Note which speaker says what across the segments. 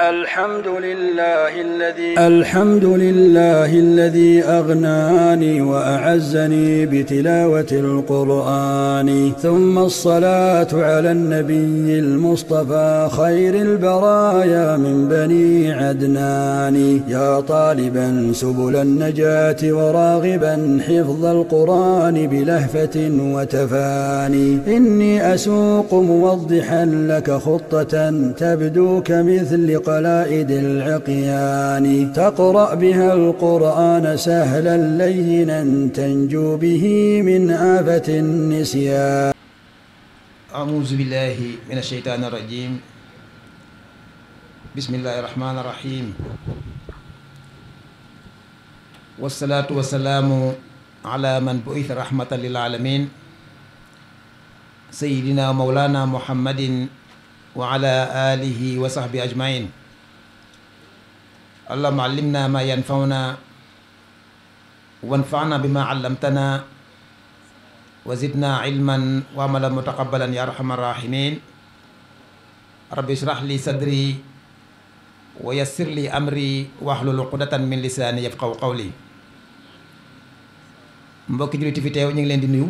Speaker 1: الحمد لله الذي الحمد لله الذي أغناني وأعزني بتلاوة القرآن ثم الصلاة على النبي المصطفى خير البرايا من بني عدنان يا طالبا سبل النجاة وراغبا حفظ القرآن بلهفة وتفاني إني أسوق موضحا لك خطة تبدو كمثل قلائد العقيان تقرأ بها القرآن سهلا لينا تنجو به من آفة النسيان
Speaker 2: أعوذ بالله من الشيطان الرجيم بسم الله الرحمن الرحيم والصلاة والسلام على من بعث رحمة للعالمين سيدنا مولانا محمد wa ala alihi wa sahbi ajmain allahuma allimna ma yanfauna wanfana bima allamtana wa zidna ilman wa amala mutaqabbalan ya arhamar rahimin rabbi ishrah li sadri wa yassir li amri wahlul uqdatan min lisaani yafqahu qawli mbokki jullit fi teew ñu ngi leen di nuyu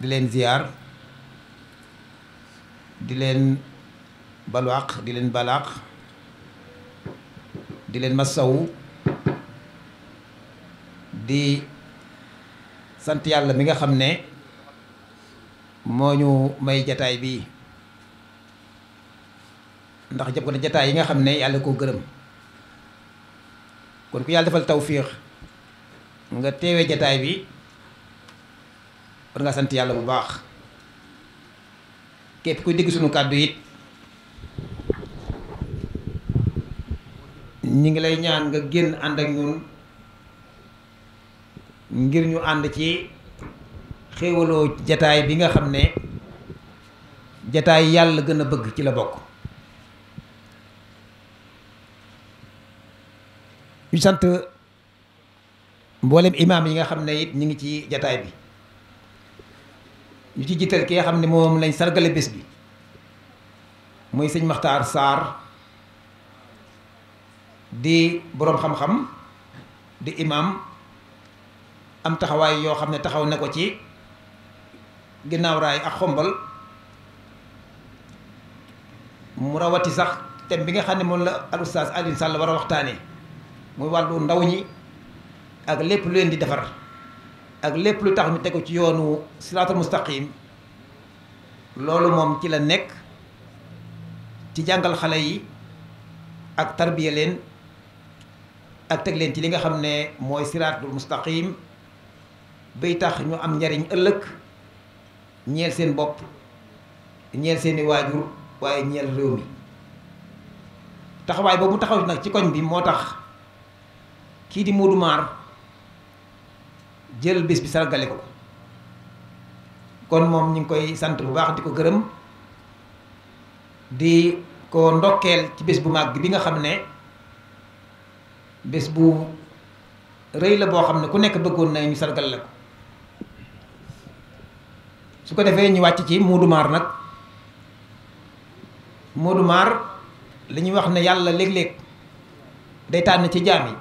Speaker 2: di leen ziyaar di leen balu di leen balaax di leen ma masawu di sant yàlla mi nga xam ne moo ñu may jataay bi ndax ko na jataay yi nga xam ne yàlla koo gërëm kon ku yàlla defal tawfiix nga teewee jataay bi war nga sant yàlla bu baax képp kuy dégg sunu kàddu it ñu ngi lay ñaan nga génn ànd ak ñun ngir ñu ànd ci xéewaloo jataay bi nga xam ne jataay yàlla gën a bëgg ci la bokk ñu sant mboolem imaam yi nga xam ne it ñu ngi ci jataay bi ñu ci jiital ki nga xam ne moom lañ sargale bés bi muy sëñ Maxtaar Saar di boroom xam-xam di imaam am taxawaay yoo xam ne taxaw na ko ci ginnaaw raay ak xombal mu rawati sax thème bi nga xam ne moom la al oustaz Alioune Sall war a waxtaane muy wàllu ndaw ñi ak lépp lu leen di defar ak lépp lu tax mu tegu ci yoonu siraatul mustaqim loolu moom ci la nekk ci jàngal xale yi ak tarbiya leen ak teg leen ci li nga xam ne mooy siraatul mustaqim bay tax ñu am njariñ ëllëg ñeel seen bopp ñeel seeni waajur waaye ñeel réew mi taxawaay boobu taxaw nag ci koñ bi moo tax kii di Modou Maar jël bés bi sargale ko kon moom ñu ngi koy sant bu baax di ko gërëm di ko ndokkeel ci bés bu màgg bi nga xam ne bés bu rëy la boo xam ne ku nekk bëggoon na ñu sargal la ko su ko defee ñu wàcc ci Modou Maar nag Modou Maar li ñuy wax ne yàlla léeg-léeg day tànn ci jaam yi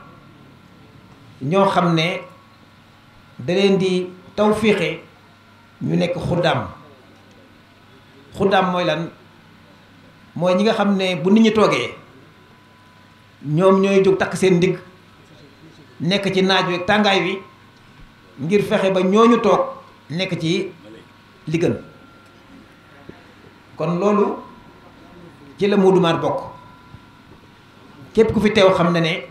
Speaker 2: ñoo xam ne da leen di tawfiixe ñu nekk xuddaam xuddaam mooy lan mooy ñi nga xam ne bu nit ñi toogee ñoom ñooy jóg takk seen ndigg nekk ci naaj wi ak tàngaay wi ngir fexe ba ñoo ñu toog nekk ci li kon loolu ci la Modou bokk képp ku fi teew xam na ne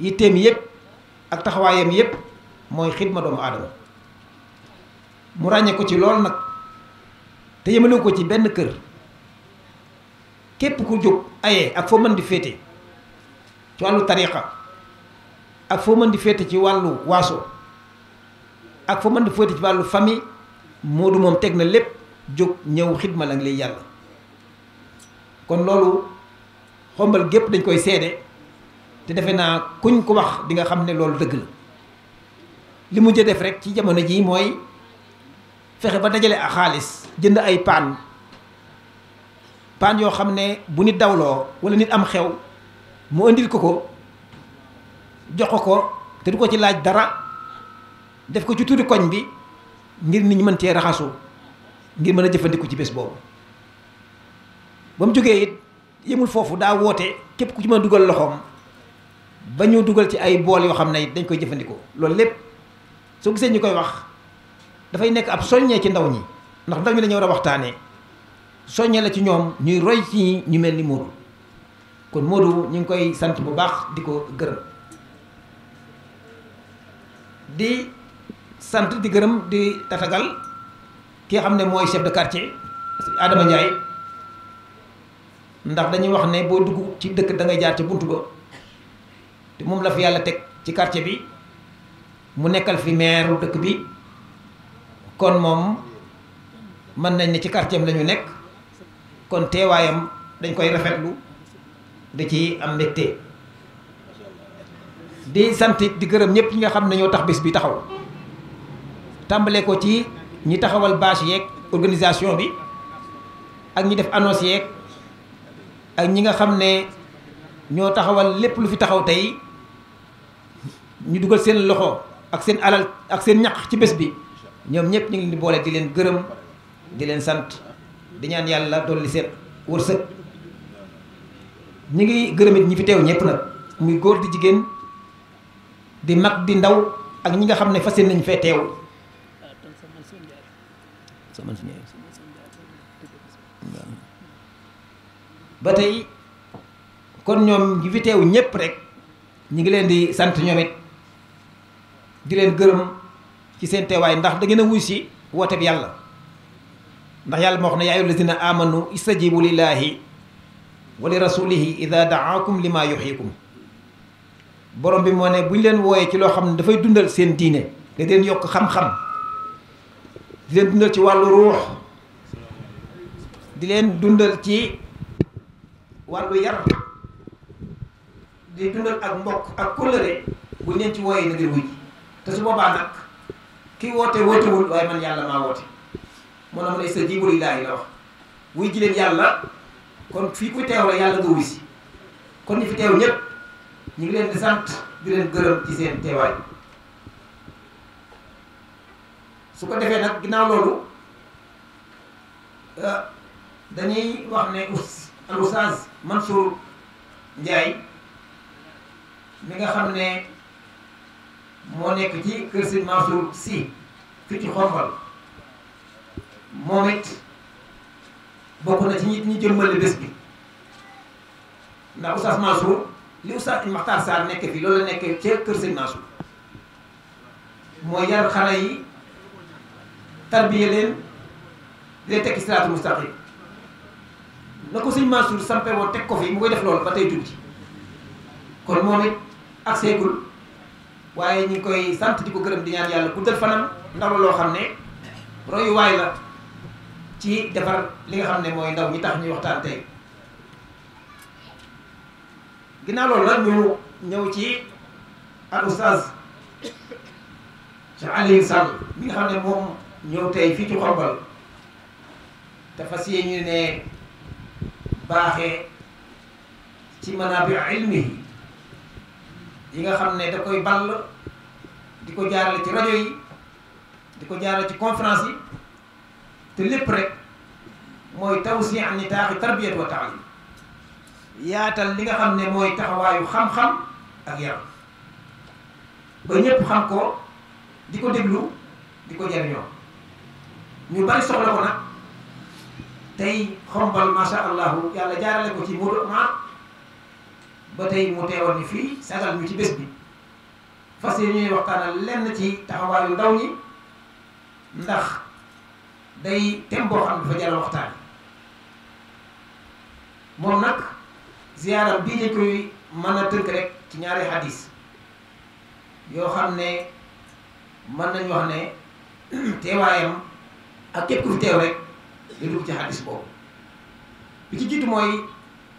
Speaker 2: yitteem yépp ak taxawaayam yépp mooy xidma doomu aadama mu ràññee ko ci lool nag te yemalewu ko ci benn kër képp ku jóg ayee ak foo mën di féete ci wàllu tariqa ak foo mën di féete ci wàllu waaso ak foo mën di féete ci wàllu famille Moodu moom teg na lépp jóg ñëw xidma la lay yàlla kon loolu xombal gépp dañ koy seede te defe naa kuñ ko wax di nga xam ne loolu dëgg la li mu jë def rek ci jamono jii mooy fexe ba dajale a xaalis jënd ay paan paan yoo xam ne bu nit dawloo wala nit am xew mu indil ko ko jox ko ko te du ko ci laaj dara def ko ci tuuti koñ bi ngir nit ñi mën cee raxasu ngir mën a jëfandikoo ci bés boobu ba mu jógee it yemul foofu daa woote képp ku ci mën a dugal loxoom ba ñu dugal ci ay bool yoo xam ne it dañ koy jëfandikoo loolu lépp soo gisee ñu koy wax dafay nekk ab soññee ci ndaw ñi ndax ndaw ñi dañoo war a waxtaanee soññee la ci ñoom ñuy roy ci ñu mel ni Modou kon du ñu ngi koy sant bu baax di ko gërëm di sant di gërëm di tatagal ki xam ne mooy chef de quartier Adama Ndiaye ndax dañuy wax ne boo dugg ci dëkk dangay ngay jaar ci bunt ba te moom la fi yàlla teg ci quartier bi mu nekkal fi maire dëkk bi kon moom mën nañ ne ci quartier am la nekk kon teewaayam dañ koy rafetlu di ci am mbégte di sant di gërëm ñëpp ñi nga xam ne ñoo tax bés bi taxaw tàmbale ko ci ñi taxawal bâche yeeg organisation bi ak ñi def annonce yeeg ak ñi nga xam ne ñoo taxawal lépp lu fi taxaw tey ñu dugal seen loxo ak seen alal ak seen ñaq ci bés bi ñoom ñëpp ñu ngi leen di boole di leen gërëm di leen sant di ñaan yàlla dolli seen wërsëg. ñi ngi gërëmit ñi fi teew ñëpp nag muy góor di jigéen di mag di ndaw ak ñi nga xam ne fas nañ fee teew ba tey kon ñoom ñi fi teew ñëpp rek ñi ngi leen di sant ñoomit di leen gërëm ci seen teewaay ndax da ngeen a wuy si woote bi yàlla ndax yàlla moo wax ne yaa ayyuhal lazina amanu istajibu lillahi wa li rasulihi ida daakum li maa yuxiikum borom bi moo ne bu ñu leen wooyee ci loo xam ne dafay dundal seen diine da leen yokk xam-xam di leen dundal ci wàllu ruux di leen dundal ci wàllu yar di dundal ak mbokk ak kóllëre bu ñu leen ci wooyee na ngir wuj te su boobaa nag ki woote wootewul waaye man yàlla maa woote moo na mu ne sa jibul ilaahi la wax wuy ji leen yàlla kon fii ku teew la yàlla nga wuy si kon ñu fi teew ñëpp ñu ngi leen di sant di leen gërëm ci seen teewaay su ko defee nag ginnaaw loolu euh, dañuy wax ne us al oustaz Mansour Ndiaye mi nga xam ne moo nekk ci kër si Mansour si fi ci xombal moom it bokk na ci ñi ñu jëmmale bés bi ndax Oustaz Mansour li Oustaz Makhtar nekk fii loolu la nekk kër sëñ Mansour mooy yar xale yi tarbiye leen di tekki siraatu mustaqim na ko sëñ Mansour sampe woon teg ko mu koy def loolu ba tey dund ci kon moom it ak seegul waaye ñu koy sant di ko gërëm di ñaan yàlla guddal fanam ndaw la loo xam ne royuwaay la ci defar li nga xam ne mooy ndaw ñi tax ñuy waxtaan tey ginnaaw loolu nag ñu ñëw ci al oustaz Cheikh Aliou mi nga xam ne moom ñëw tey fii ci Xombal te fas yéene ñu ne baaxee ci manaabi ilmi yi nga xam ne daf koy ball di ko jaarale ci rajo yi di ko jaaral ci conférence yi te lépp rek mooy tawsi an nitaaxi tarbiyat wa taalim yaatal li nga xam ne mooy taxawaayu xam-xam ak yar ba ñëpp xam ko di ko déglu di ko jariñoo ñu bari soxla ko nag tey xombal masha allahu yàlla jaarale ko ci Modou Omar ba tey mu teewal ni fii sagal ñu ci bés bi fas yéene ñuy waxtaanal lenn ci taxawaayu ndaw ñi ndax day tem boo xam ne dafa jara waxtaan moom nag ziyaaram bi dañ koy mën na tënk rek ci ñaari xadis yoo xam ne mën nañu wax ne teewaayam ak képp fi teew rek li dugg ci xadis boobu bi ci jiitu mooy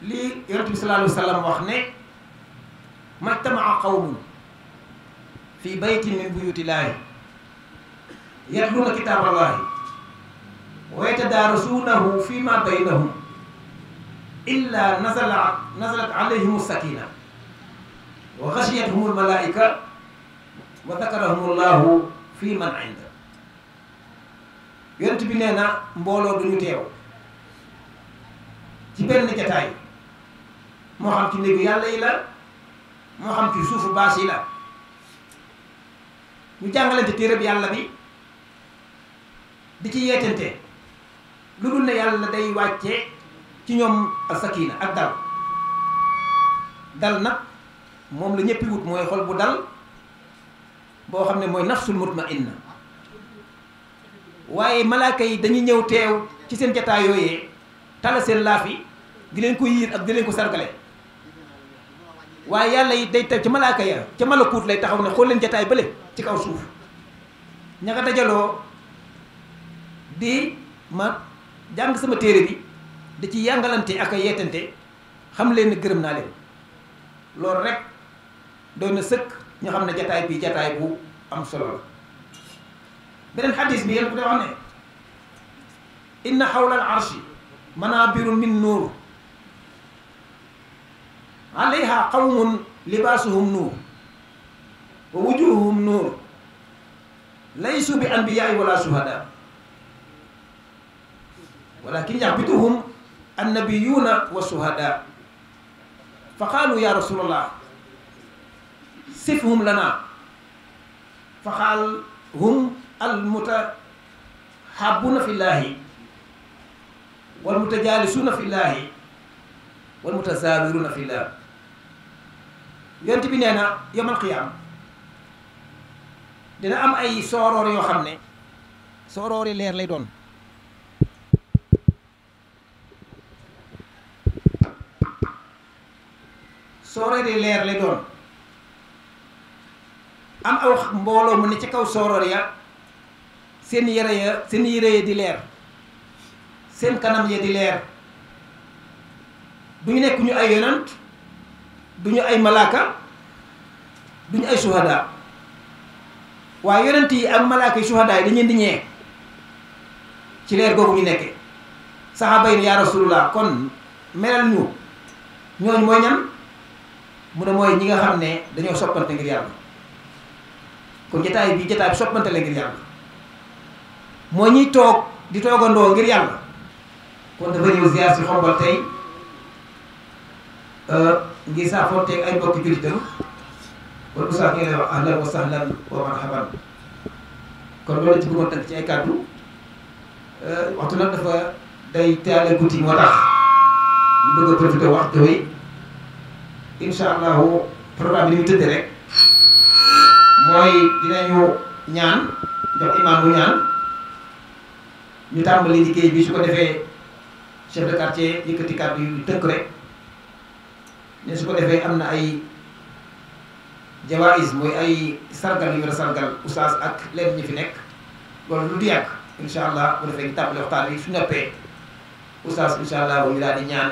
Speaker 2: li yonent bi sallallahu alayhi wa sallam wax ne majtamaa qawmun fi baytin min buyuti llaahi yatluuna kitaaballahi wa yatadaarasuunahu fi ma baynahum illa nazala nazalat alayhim sakina wa xashiyathum almalaika wa dakarahum allahu fi man inda yonent bi nee na mbooloo duñu teew ci benn jataay moo xam ci néegu yàlla yi la moo xam ci suufu baas yi la ñu jàngalante téereb yàlla bi di ci yeetante lu dul ne yàlla day wàccee ci ñoom asakina ak dal dal nag moom la ñëpp wut mooy xol bu dal boo xam ne mooy nafsul mutmainna waaye malaaka yi dañuy ñëw teew ci seen jataay yooyee tala seen laaf yi di leen ko yiir ak di leen ko sargale waaye yàlla yi day teew ci malaaka ya ca malakuut lay taxaw ne xool leen jataay bële ci kaw suuf ña nga dajaloo di ma jàng sama téere bi da ci yàngalante ak a yeetante xam leen ne gërëm naa leen loolu rek doy na sëkk ñu xam ne jataay bi jataay bu am solo la beneen xadis bi yéen ko da wax ne inna xawla al arshi manaabiru min nuur alayha qawmun libaasuhum nuur wa wujuhuhum nuur laysu bi anbiyaai wala suhadaa walakin yahbituhum annabiyuuna wa shuhadaa fa qaalu ya rasulallah sifhum lana fa qaal hum almutahabbuuna fi llaahi walmutajaalisuuna fi llaahi walmutazaawiruuna fi llaahi yonent bi nee na yawmal dina am ay sooroor yoo xam ne sooroori leer lay doon sooroor leer lay doon am aw mbooloo mu ne ci kaw sooroor ya seen yére ya seen yére ya di leer seen kanam ya di leer du ñu nekk ñu ay yonant du ñu ay malaaka du ñu ay suhadaa waaye yonent yi ak malaaka yi suhadaa yi dañu leen di ñee ci leer googu ñu nekke saxaaba yi yaa rasulullah kon melal ñu ñooñu mooy ñan mu ne mooy ñi nga xam ne dañoo soppante ngir yàlla kon jataay bi jataay bi soppante la ngir yàlla moo ñuy toog di toogandoo ngir yàlla kon dafa ñëw ziar si xombal tey euh, ngir saa fonteeg ay bokk jullitam kon Oustaz ñu ngi lay wax ahlan wa sahlan wa marhaban kon loolu ci bëggoon tënk ci ay kàddu euh, waxtu nag dafa day teel a guddi moo tax ñu bëgg a wax jooy incha allahu programme bi ni mu tëddee rek mooy dinañu ñaan jox imaam bu ñaan ñu tàmbali liggéey bi su ko defee chef de quartier yëkkati kàddu yu tënk rek ne su ko defee am na ay jawaïs mooy ay sargal yu war a sargal oustaz ak leen ñi fi nekk loolu lu di yàgg incha allah bu defee ñu tàmbali waxtaan bi su noppee oustaz incha allah ñu daal di ñaan.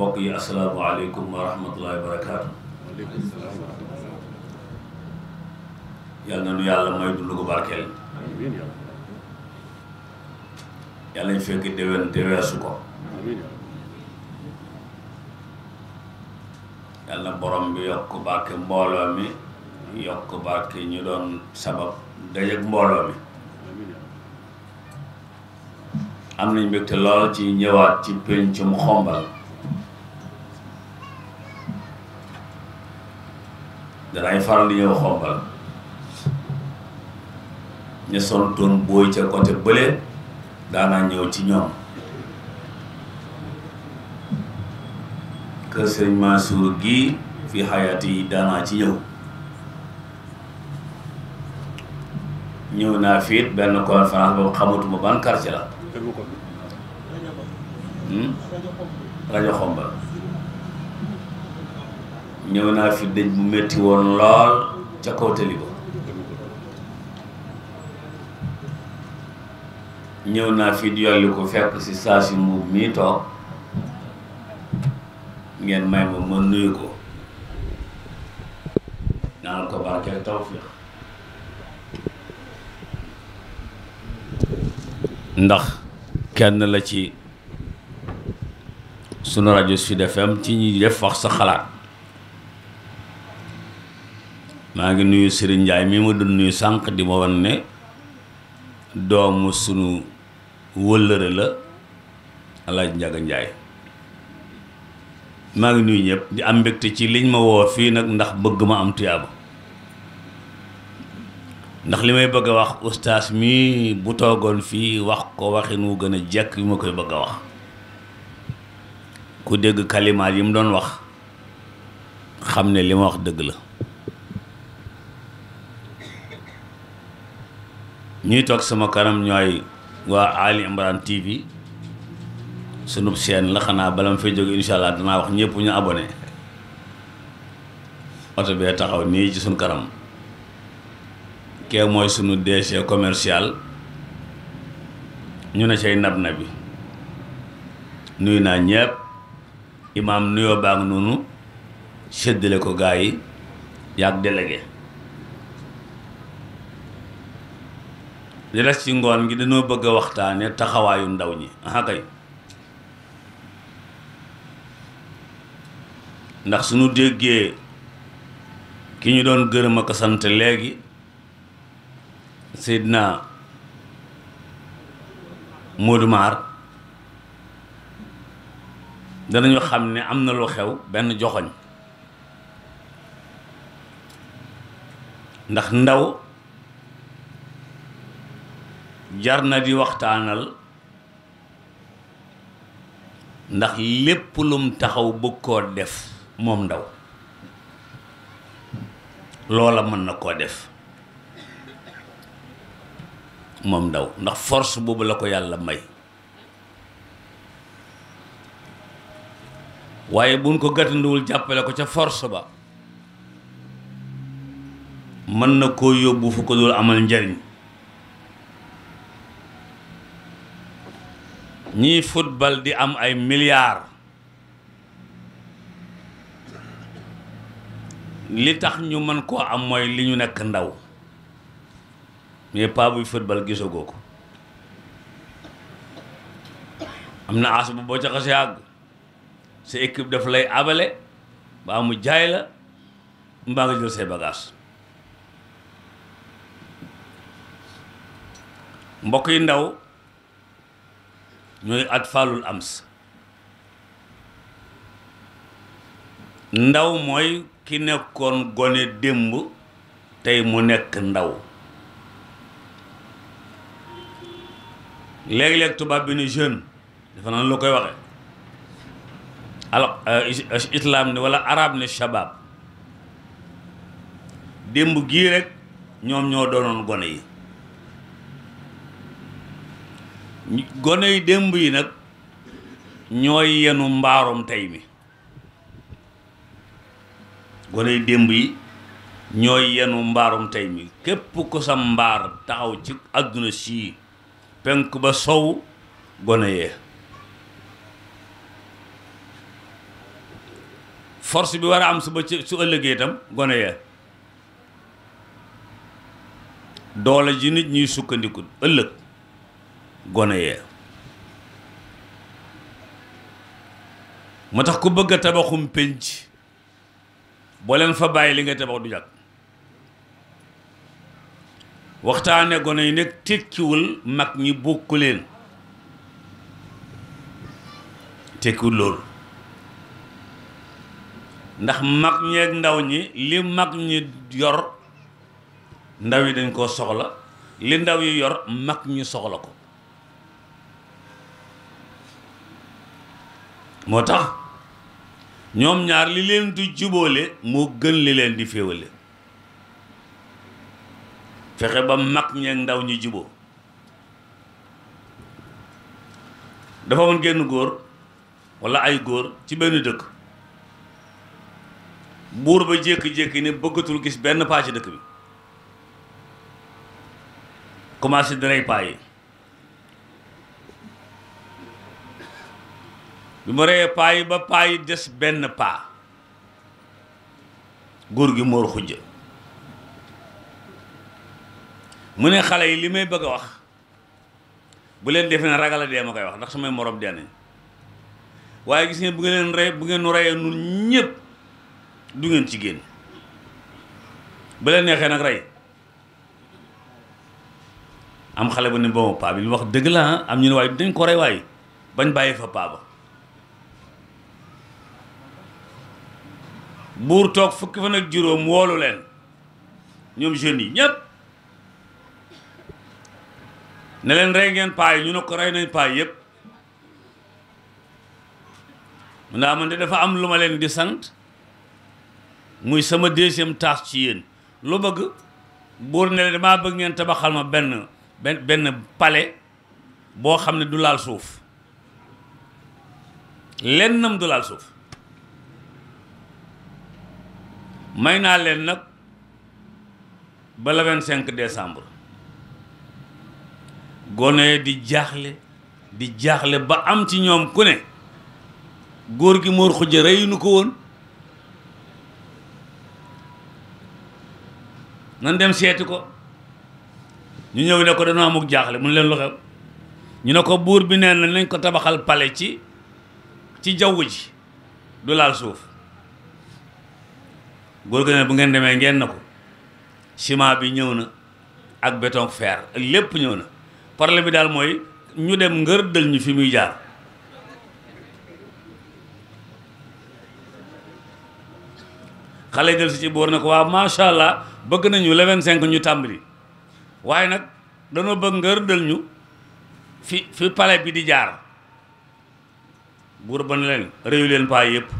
Speaker 3: mbokk yi asalaamaaleykum wa barakaatu. yal na nu yàlla may dund ko barkeel. yàlla ñu fekk déwén te weesu ko. yàlla borom bi yokk barke mbooloo mi yokk barke ñu doon sabab dajeek mbooloo mi. am nañ mbégte lool ci ñëwaat ci péncum xombal danaay faral di ñëw xombal ñu sol doon booy ca côté bële daanaa ñëw ci ñoom kër sëñ Mansour gii fi xayaat yi ci ñëw ñëw naa fiit benn conférence boobu xamatuma ban quartier la hmm? rajo xombal ñëw naa fi dëj bu metti woon lool ca kaw tali ñëw naa fi yolli ko fekk si saa si mbubb mii toog ngeen may ma ma nuyu ko ñaanal ko ndax kenn la ci sunu rajo Sud FM ci ñuy def wax sa xalaat maa ngi nuyu Serigne njaay mii ma doon nuyu sànq di ma wan ne doomu sunu wëllëre la alaaj Njaga Njaay maa ngi nuyu ñëpp di am mbégte ci liñ ma woo fii nag ndax bëgg ma am tuyaaba ndax li may bëgg a wax ustaas mi bu toogoon fii wax ko waxin wu gën a jekk bi ma koy bëgg wax ku dégg kalimaat yi mu doon wax xam ne li ma wax dëgg la ñuy toog sama kanam ñooy waa Ali Imran TV sunub chaîne la xanaa bala ma fay jóge incha allah danaa wax ñëpp ñu abone oto bee taxaw nii ci sunu kanam kee mooy sunu DG commercial ñu ne say nab na bi nuyu naa ñëpp imaam nuyoo baa noonu séddale ko gaa yi yàgg délégué li des ci ngoon gi dañoo bëgg a waxtaane taxawaayu ndaw ñi aha kay ndax suñu déggee ki ñu doon gërëm ak sant léegi Seydina Modou Maar danañu xam ne am na lu xew benn joxoñ ndax ndaw jar na di waxtaanal ndax lépp lum taxaw bëgg koo def moom ndaw loola mën na koo def moom ndaw ndax force boobu la ko yàlla may waaye buñ ko gàttanduwul jàppale ko ca force ba mën na koo yóbbu fu ko dul amal njariñ ñii football di am ay milliards li tax ñu mën koo am mooy li ñu nekk ndaw mais pas buy football gisagoo ko am na as bu boo ca xasee àgg sa équipe daf lay abale ba mu jaay la mbaa nga jël say bagage mbokk yi ndaw ñooy atfaalul ams ndaw mooy ki nekkoon gone démb tey mu nekk ndaw léeg-léeg tubaab bi ni jeune dafa naan koy waxe al euh, islam ni wala arab ni shabab démb gii rek ñoom ñoo doonoon gone yi goney démb yi nag ñooy yenu mbaarum tey mi gone démb yi ñooy yenu mbaarum tey mi képp ku sa mbaar taxaw ci àdduna sii penk ba sow gone yee force bi war a am su ba su ëllëgee itam gone yee doole ji nit ñuy sukkandiku ëllëg gone yee moo tax ku bëgg a tabaxum pénc boo leen fa bàyyi li nga tabax du jàkk waxtaane gone yi nag tekkiwul mag ñi bokk leen tekkiwul loolu ndax mag ñeeg ndaw ñi li mag ñi yor ndaw yi dañ koo soxla li ndaw yi yor mag ñi soxla ko moo tax ñoom ñaar li leen di jubóole moo gën li leen di féewale fexe ba mag ñeeg ndaw ñi juboo dafa woon genn góor walla ay góor ci benn dëkk buur ba jékki-jékki ne bëggatul gis benn paa dëkk bi commencé di rey paa bi mu reyee paa yi ba paa yi des benn paa góor gi moor xujja mu ne xale yi li may bëgg a wax bu leen defe ne ragal a dee ma koy wax ndax samay morom dee nañ waaye gis ngeen bu ngeen leen rey bu ngeen nu reyee nun ñëpp du ngeen ci génn bu leen neexee nag rey am xale bu ne boobu paa bi lu wax dëgg la ah, am ñu ne waaye dañ ko rey waaye bañ bàyyi fa paa ba buur toog fukki fan ak juróom woolu leen ñoom jeunes yi ñépp ne leen rey ngeen paay ñu ne ko rey nañ paay yépp mu naa ah, man de dafa am lu ma leen di sant muy sama deuxième tâche ci yéen lu bëgg buur ne leen damaa bëgg ngeen tabaxal ma benn benn benn palais boo xam ne du laal suuf lennam du laal suuf may naa leen nag ba le vingt cinq décembre gone di jaaxle di jaaxle ba am ci ñoom ku ne góor gi muur Khoudia reyu nu ko woon nan dem seeti ko ñu ñëw ne ko dañoo amuk jaaxle mun leen lu xew ñu ne ko buur bi nee na nañ ko tabaxal pale ci ci jaww ji du laal suuf góor gi ne bu ngeen demee ngeen na ko ciment bi ñëw na ak béton fer lépp ñëw na parle bi daal mooy ñu dem ngër dël ñu fi muy jaar xale del si ci boor na ko waaw macha allah bëgg nañu le vingt cinq ñu tàmbali waaye nag danoo bëgg ngër dël ñu fi fi palais bi di jaar buur ba ne leen réew leen paa yëpp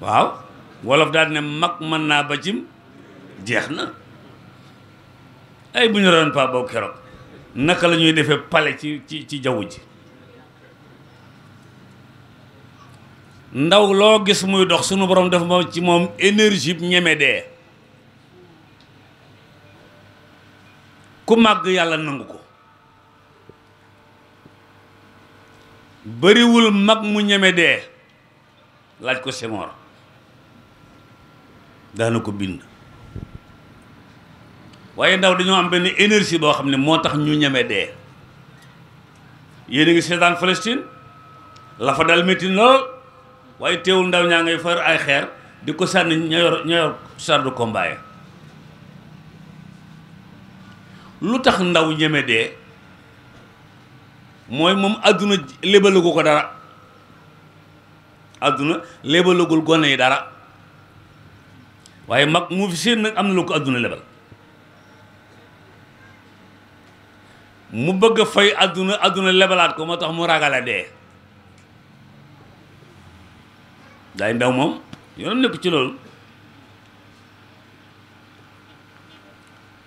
Speaker 3: waaw wolof daal mag mën naa ba cim jeex na ay bu ñu rawoon pa keroog naka la ñuy defee pale ci ci ci jaww ji ndaw loo gis muy dox sunu borom def moom ci moom bu ñeme dee ku màgg yàlla nangu ko bariwul mag mu ñeme dee laaj ko Senghor daana ko bind waaye ndaw dañoo am benn énergie boo xam ne moo tax ñu ñeme dee yéen a ngi seetaan Palestine la fa dal métti lool waaye teewul ndaw ñaa ngay far ay xeer di ko sànni ña yor ña yor lu tax ndaw ñeme dee mooy moom àdduna lébalagul ko dara àdduna lébalagul gone yi dara waaye mag mu fi seen nag am na lu ko àdduna lebal mu bëgg a fay àdduna àdduna lebalaat ko moo tax mu ragala dee daay ndaw moom yoonam nekk ci loolu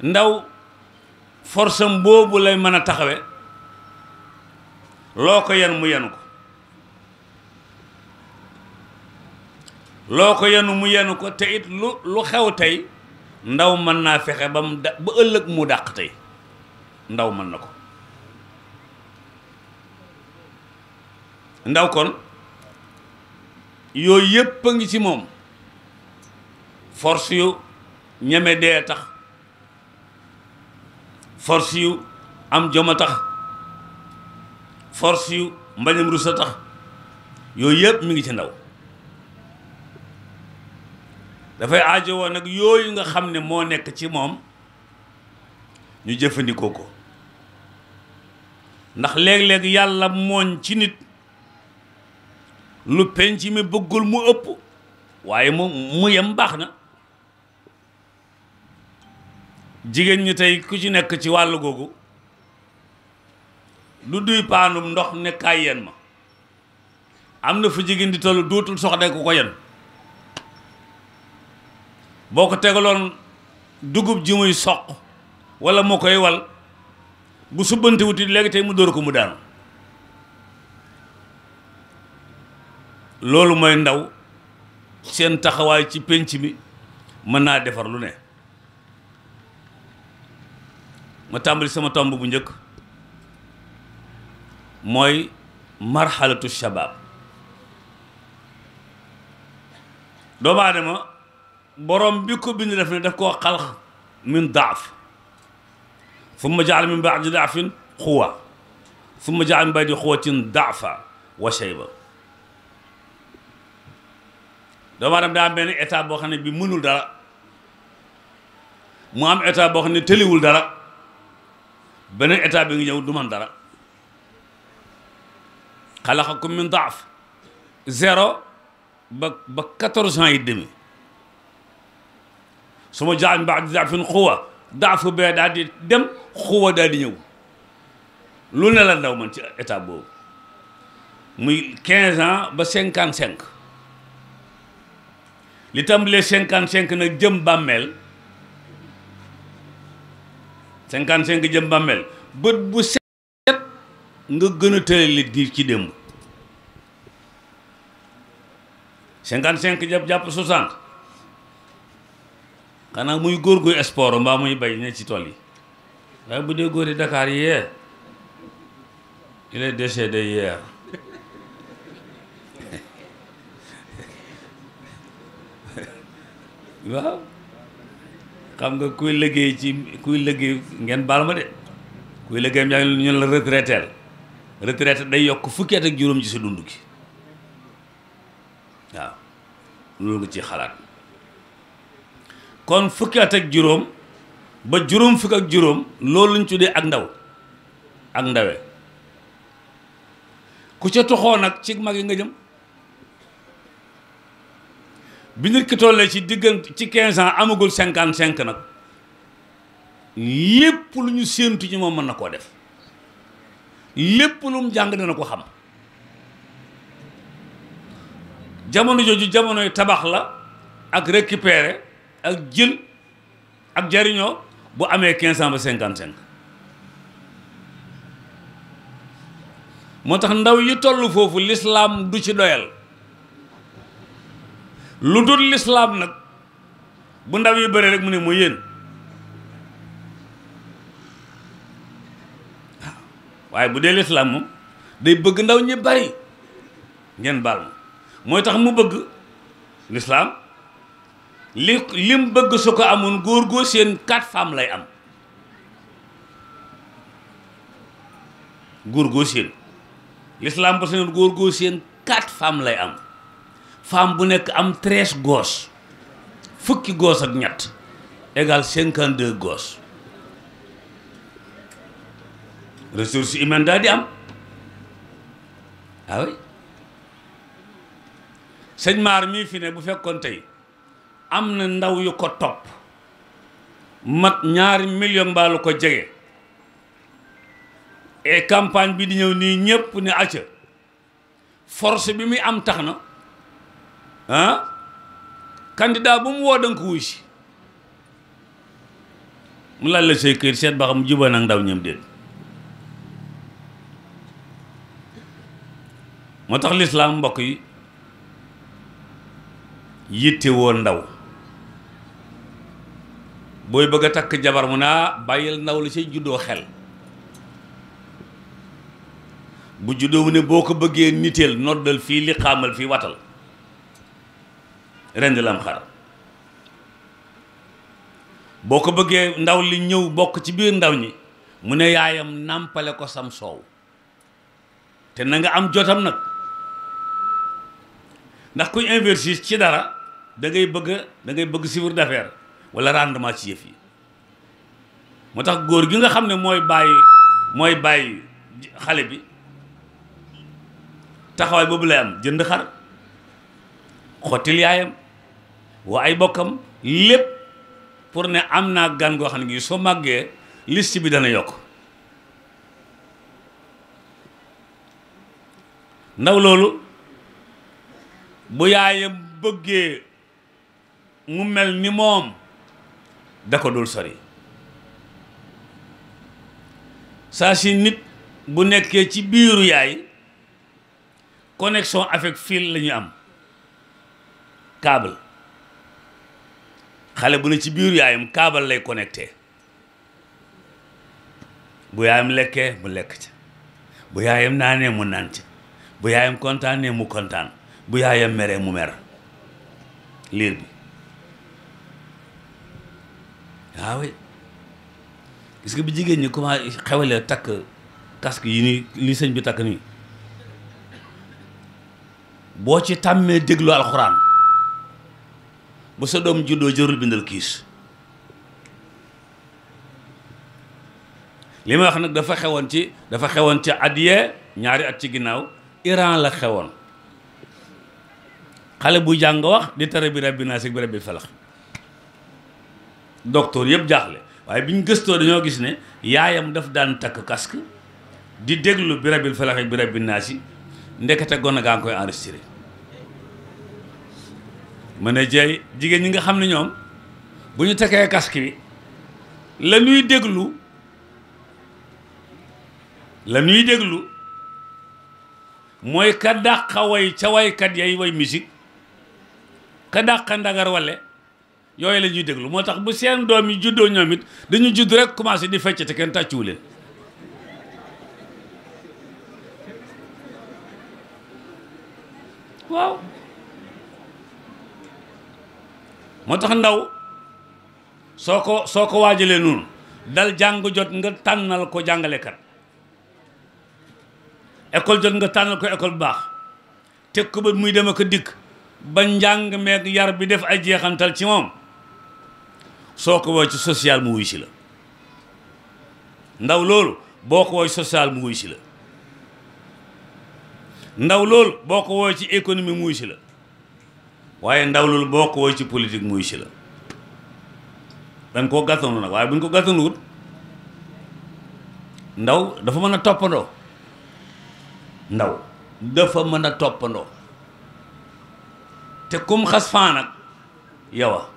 Speaker 3: ndaw forsam boobu lay mën a taxawe loo ko yan mu yanu ko loo ko yenu mu yenu ko te it lu lu xew tey ndaw mën naa fexe ba mu da ba ëllëg mu dàq tey ndaw mën na ko ndaw kon yooyu yépp a ngi ci moom force yu ñeme dee tax force yu am jom a tax force yu mbañam rus a yooyu yépp mu ngi ci ndaw dafay aajowoo nag yooyu nga xam ne moo nekk ci moom ñu jëfandikoo ko ndax léeg-léeg yàlla mooñ ci nit lu penc mi bëggul mu ëpp waaye mu mu yem baax na jigéen ñi tey ku ci nekk ci wàll googu lu duy paanum ndox nekkaay yen ma am na fu jigéen di toll dootul soxla ko ko yen boo ko tegaloon dugub ji muy soq wala moo koy wal bu subbante wuti léegi tey mu dóor ko mu daanu loolu mooy ndaw seen taxawaay ci pénc bi mën naa defar lu ne ma tàmbali sama tomb bu njëkk mooy marxalatu shabaab doomu aadama borom bi ko bind def ne daf koo xalq min daaf summa jaala min baadi daafin xuwa summa jaala min baadi xuwatin daafa wa shayba doomu aadama daa benn état boo xam ne bi mënul dara mu am état boo xam ne tëliwul dara beneen état bi ngi ñëw du man dara xalaqakum min daaf zéro ba ba quatorze ans yi demi su ma jaan baax di daal fin xuwa daafu bee daal di dem xuwa daal di ñëw lu ne ndaw man ci état boobu muy 15 ans ba 55 li tàmbalee cinq nag jëm bàmmeel 55 jëm bàmmeel bët bu set nga gën a tëleli di ci démb 55 jàpp jàpp 60. xanaa muy góor guy espoor mbaa muy bay ne ci tool yi waaye bu dee góori Dakar yee il est waaw xam nga kuy liggéey ci kuy liggéey ngeen baal ma de kuy liggéey yaa ngi ñu la retraité retraité day yokk fukki at ak juróom ci sa dund gi waaw loolu nga ci xalaat kon fukki at ak juróom ba juróom fukk ak juróom loolu lañ tuddee ak ndaw ak ndawe ku ca toxoo nag ci mag yi nga jëm bi nit ki tollee ci diggante ci quinze ans amagul cinquante cinq nag lépp lu ñu séentu ci moom mën na koo def lépp lu mu jàng dana ko xam jamono jooju jamonoy tabax la ak récupérer ak jin ak jariñoo bu amee quinze cent ba cinquante cinq moo tax ndaw yi toll foofu lislaam du ci doyal lu dul lislaam nag bu ndaw yi bëree rek mu ne mooy yéen waaye bu dee lislaam moom day bëgg ndaw ñi bari ngeen baal ma mooy tax mu bëgg lislaam li lim bëgg su ko amoon góor góor seen quatre femmes lay am góor góor seen l'islam ba seen góor góor seen quatre femmes lay am femme bu nekk am treize gos fukki gos ak ñett égal cinquante deux gos ressource humaine daal di am ah oui sëñ Maar mii fi ne bu fekkoon tey am na ndaw yu ko topp mat ñaari million mbaa ko jege et campagne bi di ñëw nii ñépp ne acca force bi muy am tax na ah bu mu woo danga wuy si mu laaj la say kër seet ba xam juba nag ndaw ñam déet moo tax lislaam mbokk yi yitte woo ndaw booy bëgg a takk jabar mu naa bàyyil ndaw la say juddoo xel bu juddoo mu ne boo ko bëggee niteel noddal fii li xaamal fii watal rendi lam boo ko bëggee ndaw li ñëw bokk ci biir ndaw ñi mu ne yaayam nàmpale ko sam soow te na nga am jotam nag ndax kuy investir ci dara dangay bëgg dangay bëgg chiffre d'affaires wala rendement ci yëf yi moo tax góor gi nga xam ne mooy bàyyi mooy bàyyi xale bi taxawaay boobu lay am jënd xar xottil yaayam waa ay bokkam lépp pour ne am naa gan goo xam ne gi soo màggee liste bi dana yokk ndaw loolu bu yaayam bëggee mu mel ni moom da ko dul sori saa si nit bu nekkee ci biiru yaay connexion avec fil la am câble xale bu ne ci biiru yaayam câble lay connecté bu yaayam lekkee mu lekk ca bu yaayam naanee mu naan ca bu yaayam kontaanee mu kontaan bu yaayam meree mu mer liir bi waaw gis nga bi jigéen ñi commencé xewalee takk casque yi nii li sëñ bi takk nii boo ci tàmmee déglu alxuraan bu sa doom juddoo jërul bindal kiis li may wax nag dafa xewoon ci dafa xewoon ci at yee ñaari at ci ginnaaw Iran la xewoon xale buy jàng wax di tere bi rabbi naas ak bi rabbi falax docteur yëpp jaaxle waaye bi ñu gëstoo dañoo gis ne yaayam daf daan takk casque di déglu bi rabil falax ak bi rabil naas yi ndekete gone gaa ngi koy enregistré ma ne jeey jigéen ñi nga xam ne ñoom bu ñu takkee casque bi la ñuy déglu la ñuy déglu mooy ka dàqa way ca waykat yay way musique ka dàqa ndagar wale yooyu la ñuy déglu moo tax bu seen doom yi juddoo ñoom it dañu judd rek commencé di fecc te kenn tàccuwu leen waaw moo tax ndaw soo ko soo ko waajalee noonu dal jàng jot nga tànnal ko jàngalekat ecole jot nga tànnal ko école bu baax teg ko ba muy dem ak dikk ba njàng meeg yar bi def ay jeexantal ci moom soo ko woo ci social mu wuy si la ndaw loolu boo ko woo ci social mu wuy si la ndaw loolu boo ko woo ci économie mu wuy si la waaye ndaw loolu boo ko woo ci politique mu wuy si la dañ koo gàttanu nag waaye bu ñu ko gàttanuwut ndaw dafa mën a toppandoo ndaw dafa mën a toppandoo te kum xas faa nag yow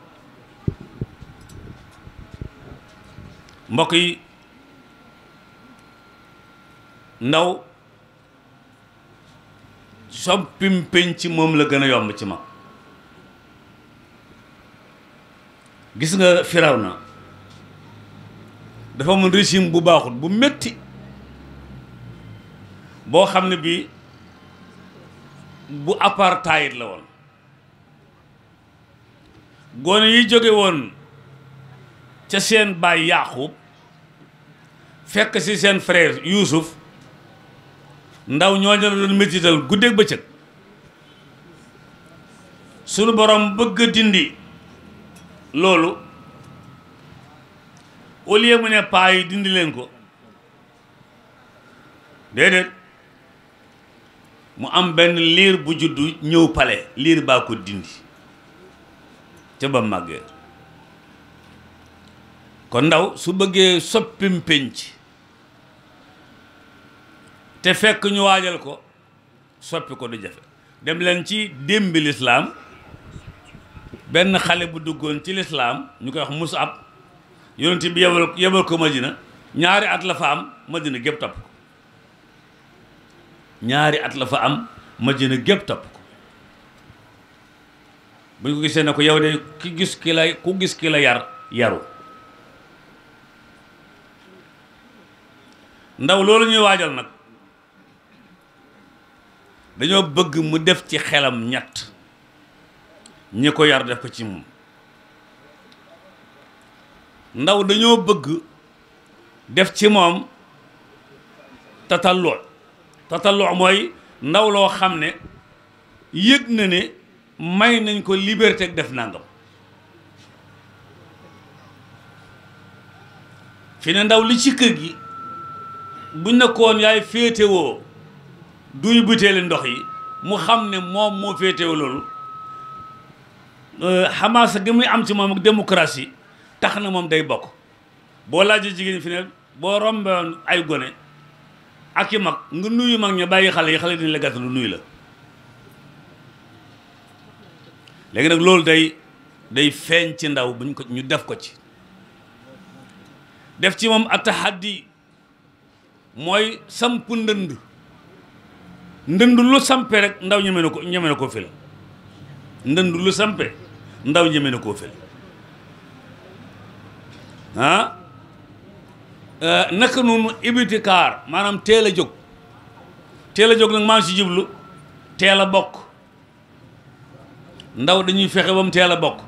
Speaker 3: mbokk yi ndaw soppim penc moom la gën a yomb ci ma gis nga Firawna dafa mun régime bu baaxul bu metti boo xam ne bi bu apartheid la woon gone yi jóge woon ca seen baay Yaaqub fekk si seen frère Youssouf ndaw ñooñu la doon métital guddeeg bëccëg sunu borom bëgg dindi loolu au lieu mu ne paa yi dindi leen ko déedéet mu am benn liir bu juddu ñëw pale liir baa ko dindi ca ba màggee kon ndaw su bëggee soppim pénc te fekk ñu waajal ko soppi ko du jafe dem leen ci démbi lislaam benn xale bu duggoon ci lislaam ñu koy wax Musab yonent bi yebal yebal ko Madina ñaari at la fa am Madina gépp topp ko ñaari at la fa am Madina gépp topp ko bu ñu ko gisee ne ko yow de ki gis ki la ku gis ki la yar yaru ndaw loolu ñuy waajal nag dañoo bëgg mu def ci xelam ñett ñi ko yar def ko ci moom ndaw dañoo bëgg def ci moom tatalloo tataloo mooy ndaw loo xam ne yëg na ne may nañ ko liberté def nangam fi ne ndaw li ci kër gi buñ nekkoon yaay féetewoo duy butéeli ndox yi mu xam ne moom moo féetewu loolu xamaasa euh, gi muy am ci moom ak démocratie tax na moom day bokk boo laajee jigéen fi ne boo romboon ay gone ak i mag nga nuyu mag ñu bàyyi xale yi xale dañ la gàtt lu nuyu la léegi nag loolu day day feeñ ci ndaw buñ ko ñu def ko ci def ci moom at tahaddi mooy samp ndënd ndënd lu sampe rek ndaw ñeme na ko ñeme na koo fil ndënd lu sampe ndaw ñeme na koo fil ah eh, naka noonu ibiti kaar maanaam teel a jóg teel a jóg nag maa ngi si jublu teel a bokk ndaw dañuy fexe ba mu teel a bokk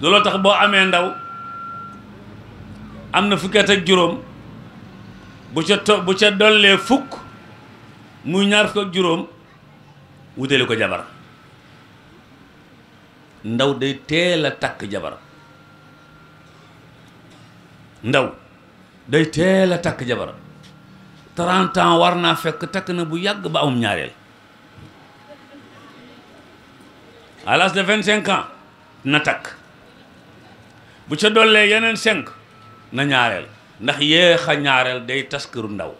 Speaker 3: looloo tax boo amee ndaw am na fukki at juróom bu ca to bu ca dollee fukk muy ñaar fukk ak juróom wutali ko jabar ndaw day teel a takk jabar ndaw day teel a takk jabar 30 ans war naa fekk takk na bu yàgg ba amum ñaareel à l'âge de 25 ans na takk bu ca dollee yeneen cinq na ñaareel ndax yéex a ñaareel day tas këru ndaw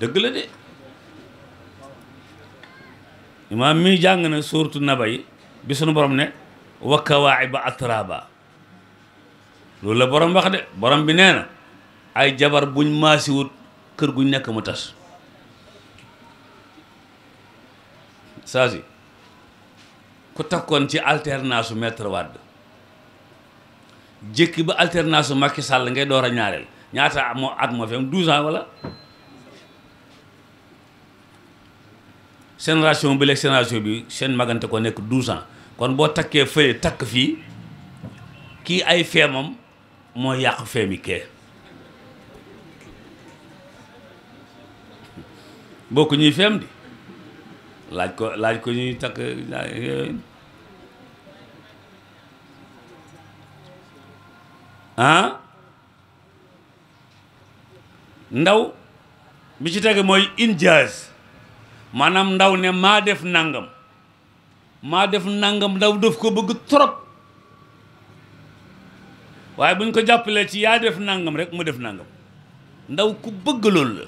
Speaker 3: dëgg la de imaam mii jàng na suurtu nabay bi sunu borom ne wa kawaa'iba atraaba loolu la borom wax de borom bi nee na ay jabar buñ maasiwut kër guñ nekk mu tas saa si ku takkoon ci alternance su maître jékki ba alternance Macky sàll ngay door a ñaareel ñaata moo at moo fi am 12 ans bi léegi génération bi seen magante ko nekk 12 ans kon boo takkee fële takk fii kii ay feemam moo yàq feemi kee bokku ñuy feem di laaj ko laaj ko ñuy takk ah ndaw bi ci tege mooy injaaz maanaam ndaw ne maa def nangam maa def nangam ndaw def ko bëgg trop waaye buñ ko jàppalee ci yaa def nangam rek mu def nangam ndaw ku bëgg loolu la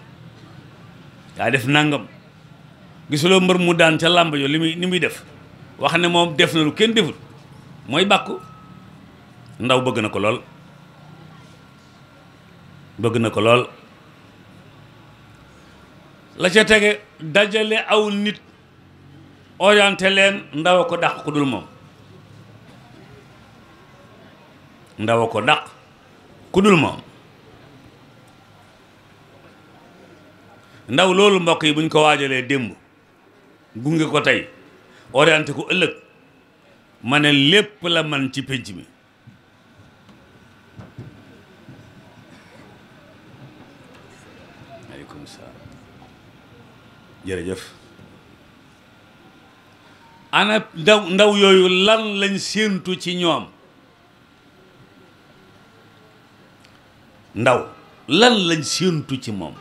Speaker 3: yaa def nangam gisuloo mbër mu daan ca làmb jo li muy li muy def wax ne moom def na lu kenn deful mooy bàkku ndaw bëgg na ko lool bëgg na ko lool la ca tege dajale aw nit orienté leen ndaw ko dàq ku dul moom ndaw ko dàq ku dul ndaw loolu mbokk yi bu ko waajalee démb gunge ko tey orienté ko ëllëg ma ne lépp la man ci pénc mi jërëjëf ana ndaw ndaw yooyu lan lañ séentu ci ñoom ndaw lan lañ séentu ci moom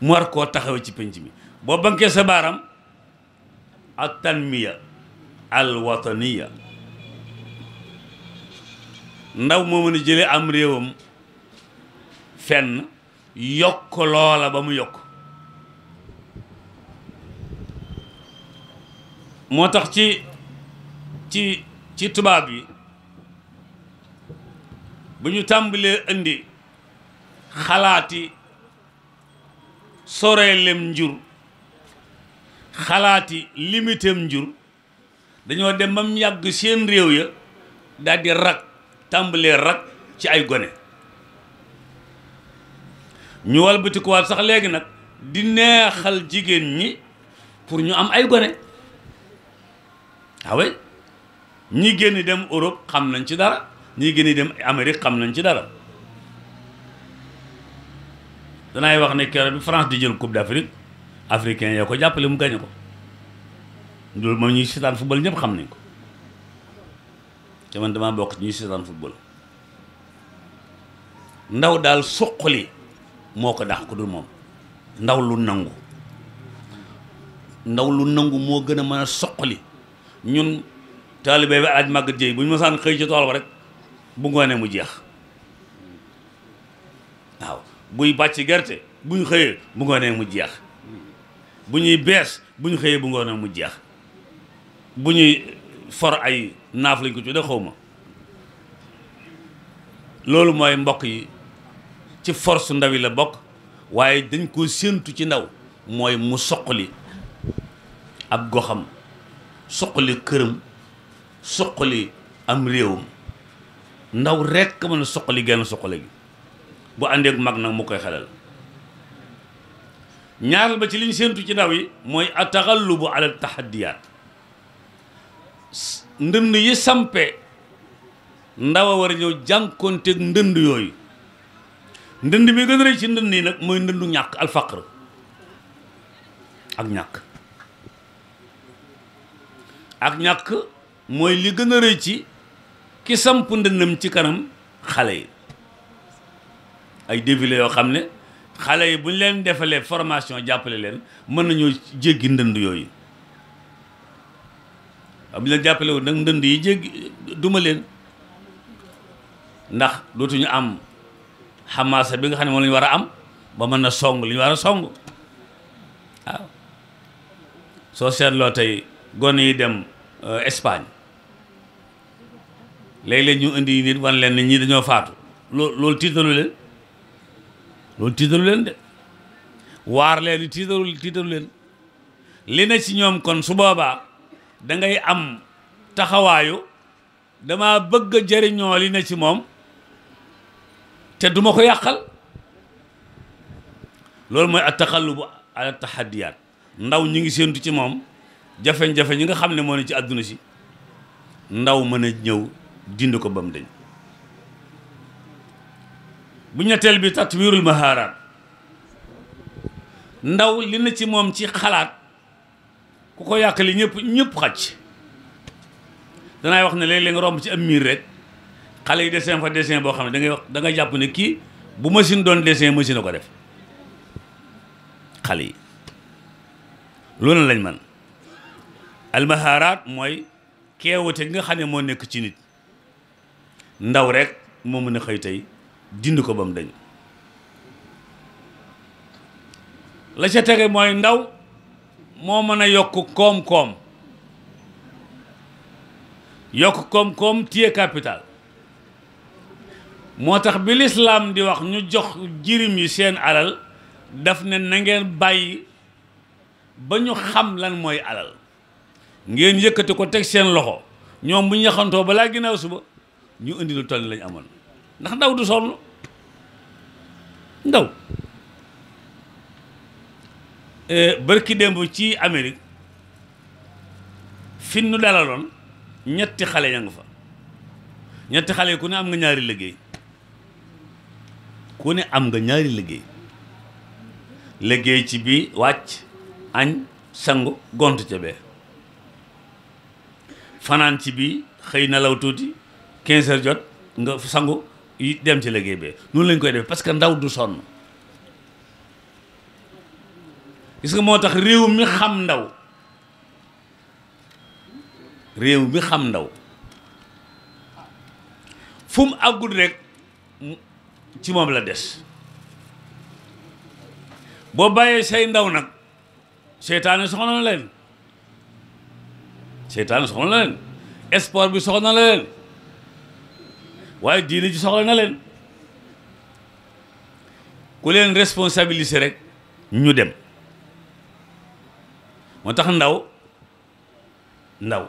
Speaker 3: mu war koo taxawe ci pénc mi boo bankee sa baaram ak tanmiya al wataniya ndaw moo mën a jëlee am réewam fenn yokk loola ba mu yokk moo tax ci ci ci tubaab yi bu ñu tàmbalee indi xalaati soreelem njur xalaati limitem njur dañoo dem ba mu yàgg seen réew ya daal di tàmbalee rak ci ay gone ñu walbatikuwaat sax léegi nag di neexal jigéen ñi pour ñu am ay gone ah ñi génn dem Europe xam nañ ci dara ñi génn dem Amérique xam nañ ci dara danay wax ne keroog bi France di jël coupe d'Afrique africain yaa ko jàppale mu gañe ko loolu moom ñuy seetaan football ñëpp xam nañ ko te man damaa bokk ci ndaw daal suqali moo ko dax ko dul moom ndaw lu nangu ndaw lu nangu moo gën a mën a soqli ñun taalibe bi aj màggat jéy bu ñu masaan xëy ci tool rek bu ngoonee mu jeex waaw buy bàcc gerte bu ñu xëyee bu ngoonee mu jeex bu ñuy bees bu xëyee bu ngoonee mu jeex bu ñuy for ay naaf lañ ko tuddee xaw ma loolu mooy mbokk yi ci force ndaw yi la bokk waaye dañ ko séentu ci ndaw mooy mu soqali ab goxam suqali këram suqali am réewam ndaw rekk mën a genn suqali gi bu àndee mag nag mu koy xelal ñaaral ba ci liñ séentu ci ndaw yi mooy ataxallubu ala tahaddiyaat ndënd yi sampe ndaw a war a ñëw jànkoonteeg ndënd yooyu ndënd bi gën a rëy ci ndënd yi nag mooy ndëndu ñàkk alfaqr ak ñàkk ak ñàkk mooy li gën a rëy ci ki samp ndëndam ci kanam xale yi ay défilé yoo xam ne xale yi bu ñu leen defalee formation jàppale leen mën nañoo jéggi ndënd yooyu am leen jàppale wu nag ndënd yi jéggi duma leen ndax dootuñu am xamaasa bi nga xam ne moom la war a am ba mën na song li war a song waaw soo seetloo tey gone yi dem euh, Espagne léeg-léeg ñu indi nit wan leen ne ñii dañoo faatu loolu loolu tiitalu leen loolu tiitalu leen de waar leen tiitalu leen li na ci ñoom kon su boobaa dangay am taxawaayu dama bëgg a jëriñoo li na ci moom te duma ko yàqal loolu mooy at taxallubu ala tahaddiyaat ndaw ñu ngi séentu ci moom jafeñ jafe ñi nga xam ne moo ne ci àdduna si ndaw mën a ñëw dind ko ba mu dañ bu ñetteel bi tatwiirul mahaaraat ndaw li na ci moom ci xalaat ku ko yàq li ñëpp ñëpp xaj danaay wax ne léeg-léeg romb ci am miir rek xale yi dessin fa dessin boo xam ne da ngay wax da nga jàpp ne kii bu machine doon dessin machine a ko def xale yi loolu lañ man almahaaraat mooy keewate gi nga xam ne moo nekk ci nit ndaw rekk moo mën a xëy tey dind ko ba mu dañ la ca tege mooy ndaw moo mën a yokk koom-koom yokk koom-koom téye capital moo tax bi lislaam di wax ñu jox jirim yi seen alal daf ne na ngeen bàyyi ba ñu xam lan mooy alal ngeen yëkkati ko teg seen loxo ñoom bu ñu yaxantoo balaa ginnaaw suba ñu indi lu toll lañ amoon ndax ndaw du sonn ndaw eh, bërki démb ci amerig fin nu dalaloon ñetti xale ya nga fa ñetti xale yi ku ne am nga ñaari liggéey ku ne am nga ñaari liggéey liggéey ci bii wàcc añ sangu gont ca bee fanaan ci bii xëy nelaw tuuti quinze heures jot nga sangu yi dem ci liggéey bi noonu lañ koy def parce que ndaw du sonn gis nga moo tax réew mi xam ndaw réew mi xam ndaw fu mu àggul rek ci moom la des boo bàyyee say ndaw nag seytaane soxla na leen seytaane soxla na leen sport bi soxla na leen waaye diine ji soxla na leen ku leen responsabiliser rek ñu dem moo tax ndaw ndaw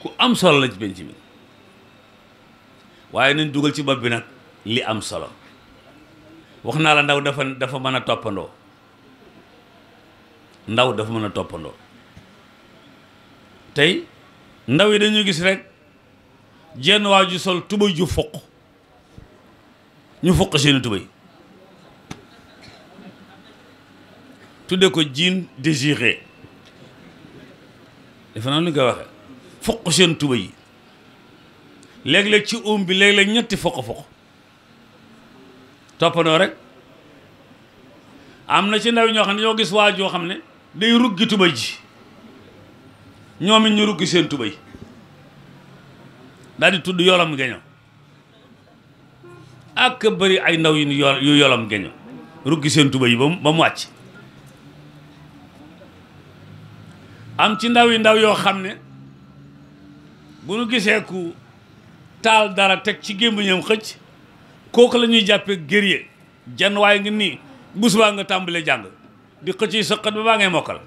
Speaker 3: ku am solo la ci penc mi waaye nañ dugal ci bopp bi nag li am solo wax naa la ndaw dafa dafa mën a toppandoo ndaw dafa mën a toppandoo tey ndaw yi dañoo gis rek jenn waa ju sol tubay ju foq ñu foq seeni tubay tudde ko jiin désiré defe naa lu nga waxe foq seen tubay yi léeg-léeg ci uum bi léeg-léeg ñetti foq-foq toppandoo rek am na ci ndaw ñoo xam ne ñoo gis waa joo xam ne day ruggi tubay ji ñoom it ñu ruggi seen tubéy daal tudd yolam geño ak bëri ay ndaw yu yu yolam geño ruggi seen tubéy ba ba mu wàcc am ci ndaw yi ndaw yoo xam ne bu nu gisee ku taal dara teg ci gémmiñam xëcc kooku la ñuy jàppee guerrier jan waaye nga nii bu subaa nga tàmbalee jàng di xëcc yi sëqat ba baa ngay mokkal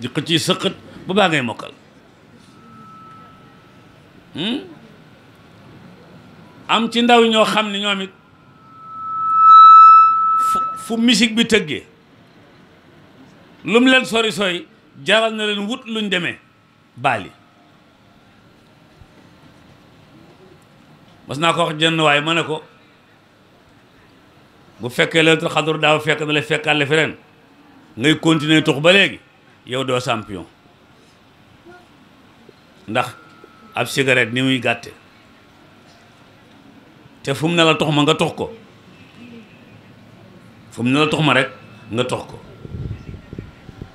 Speaker 3: di ci yi sëqët ba baa ngay mokkal hmm? am ci ndaw ñoo xam ne ñoom it fu fu bi tëggee lu mu leen sori sori jaral na leen wut luñ demee baali mas naa ko wax jënn waaye ma ne ko bu fekkee leen te xadur daa fekk na la fekkaale fi ren ngay continuer tux ba léegi yow doo champion ndax ab cigarette ni muy gàtte te fu mu la tox ma nga tox ko fu mu la tox ma rek nga tox ko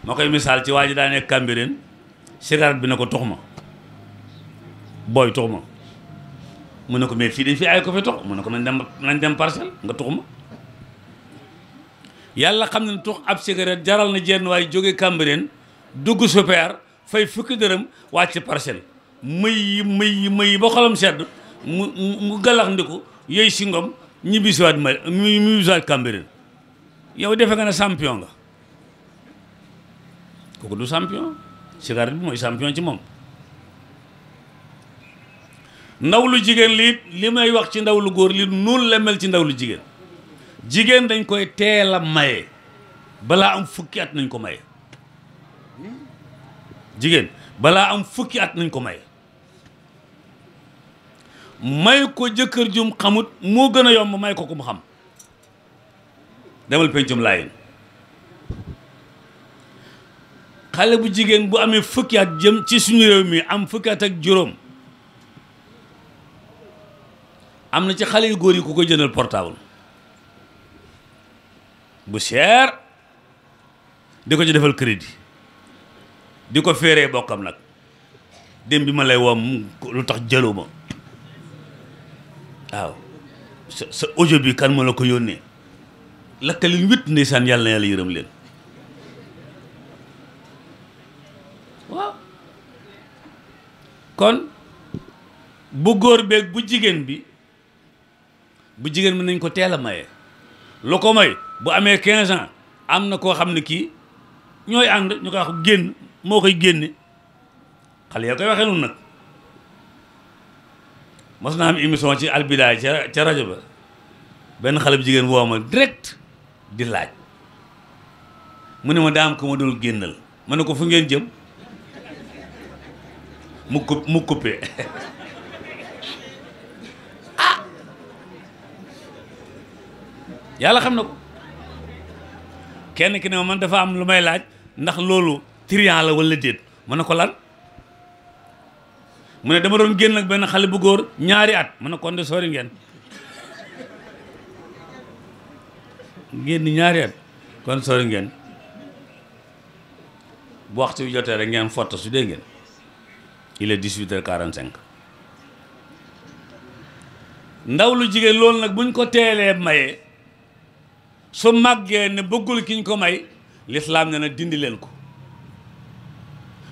Speaker 3: moo koy misaal ci waa ji daa nekk Cambérène cigarette bi na ko tox ma booy tox ma mu ne ko mais fii dañ fi ay ko fi tox mu ne ko nañ dem nañ dem parcelle nga tox ma yàlla xam ne tox ab cigarette jaral na jenn waaye jóge Cambérène dugg super fay fukki dërëm wàcc parcelle mëy yi mëy yi mëy yi ba xolam sedd mu mu galax yooyu si ngom ñibbi siwaat ma ñibbi siwaat Cambérène yow defe nga ne champion nga kooku du champion cigarette bi mooy sampion ci moom ndaw lu jigéen lii li may wax ci ndaw lu góor lii noonu la mel ci ndaw lu jigéen jigéen dañ koy teel a maye balaa am fukki at nañ ko maye jigéen balaa am fukki at nañ ko may may ko jëkkër jum xamut moo gën a yomb may ko ku mu xam demal pencum laayin xale bu jigéen bu amee fukki at jëm ci suñu réew mi am fukki at ak juróom am na ci xale yu góor yi ku ko jëndal portable bu cher di ko ci defal crédit di ko féeree bokkam nag dem bi ma lay wom lu tax jëlu waaw sa sa audio bi kan ma la ko yónnee lakkali wit ndeysaan yàlla na yàlla yërëm leen waaw kon bu góor beeg bu jigéen bi bu jigéen bi nañ ko teel a maye lu ko may bu amee 15 ans am na koo xam ne kii ñooy ànd ñu ko wax génn moo koy génne xale yaa koy waxee noonu nag mos naa am émission ci albidaay ca rajo ba benn xale bu jigéen woo ma direct di laaj mu ne ma daam ko ma doon génnal ma ne ko fu ngeen jëm mu ko mu coupé ah yàlla xam na ko kenn ki ne ma man dafa am lu may laaj ndax loolu trian la wala déet ma ne ko lan mu ne dama doon génn ak benn xale bu góor ñaari at ma ne kon de sori ngeen génn ñaari at kon sori ngeen bu waxtu jotee rek ngeen fotta su dee ngeen il est 18h45 ndaw lu jigéen loolu nag buñ ko teelee maye su màggee ne bëggul kiñ ko may lislaam ne na dindi leen ko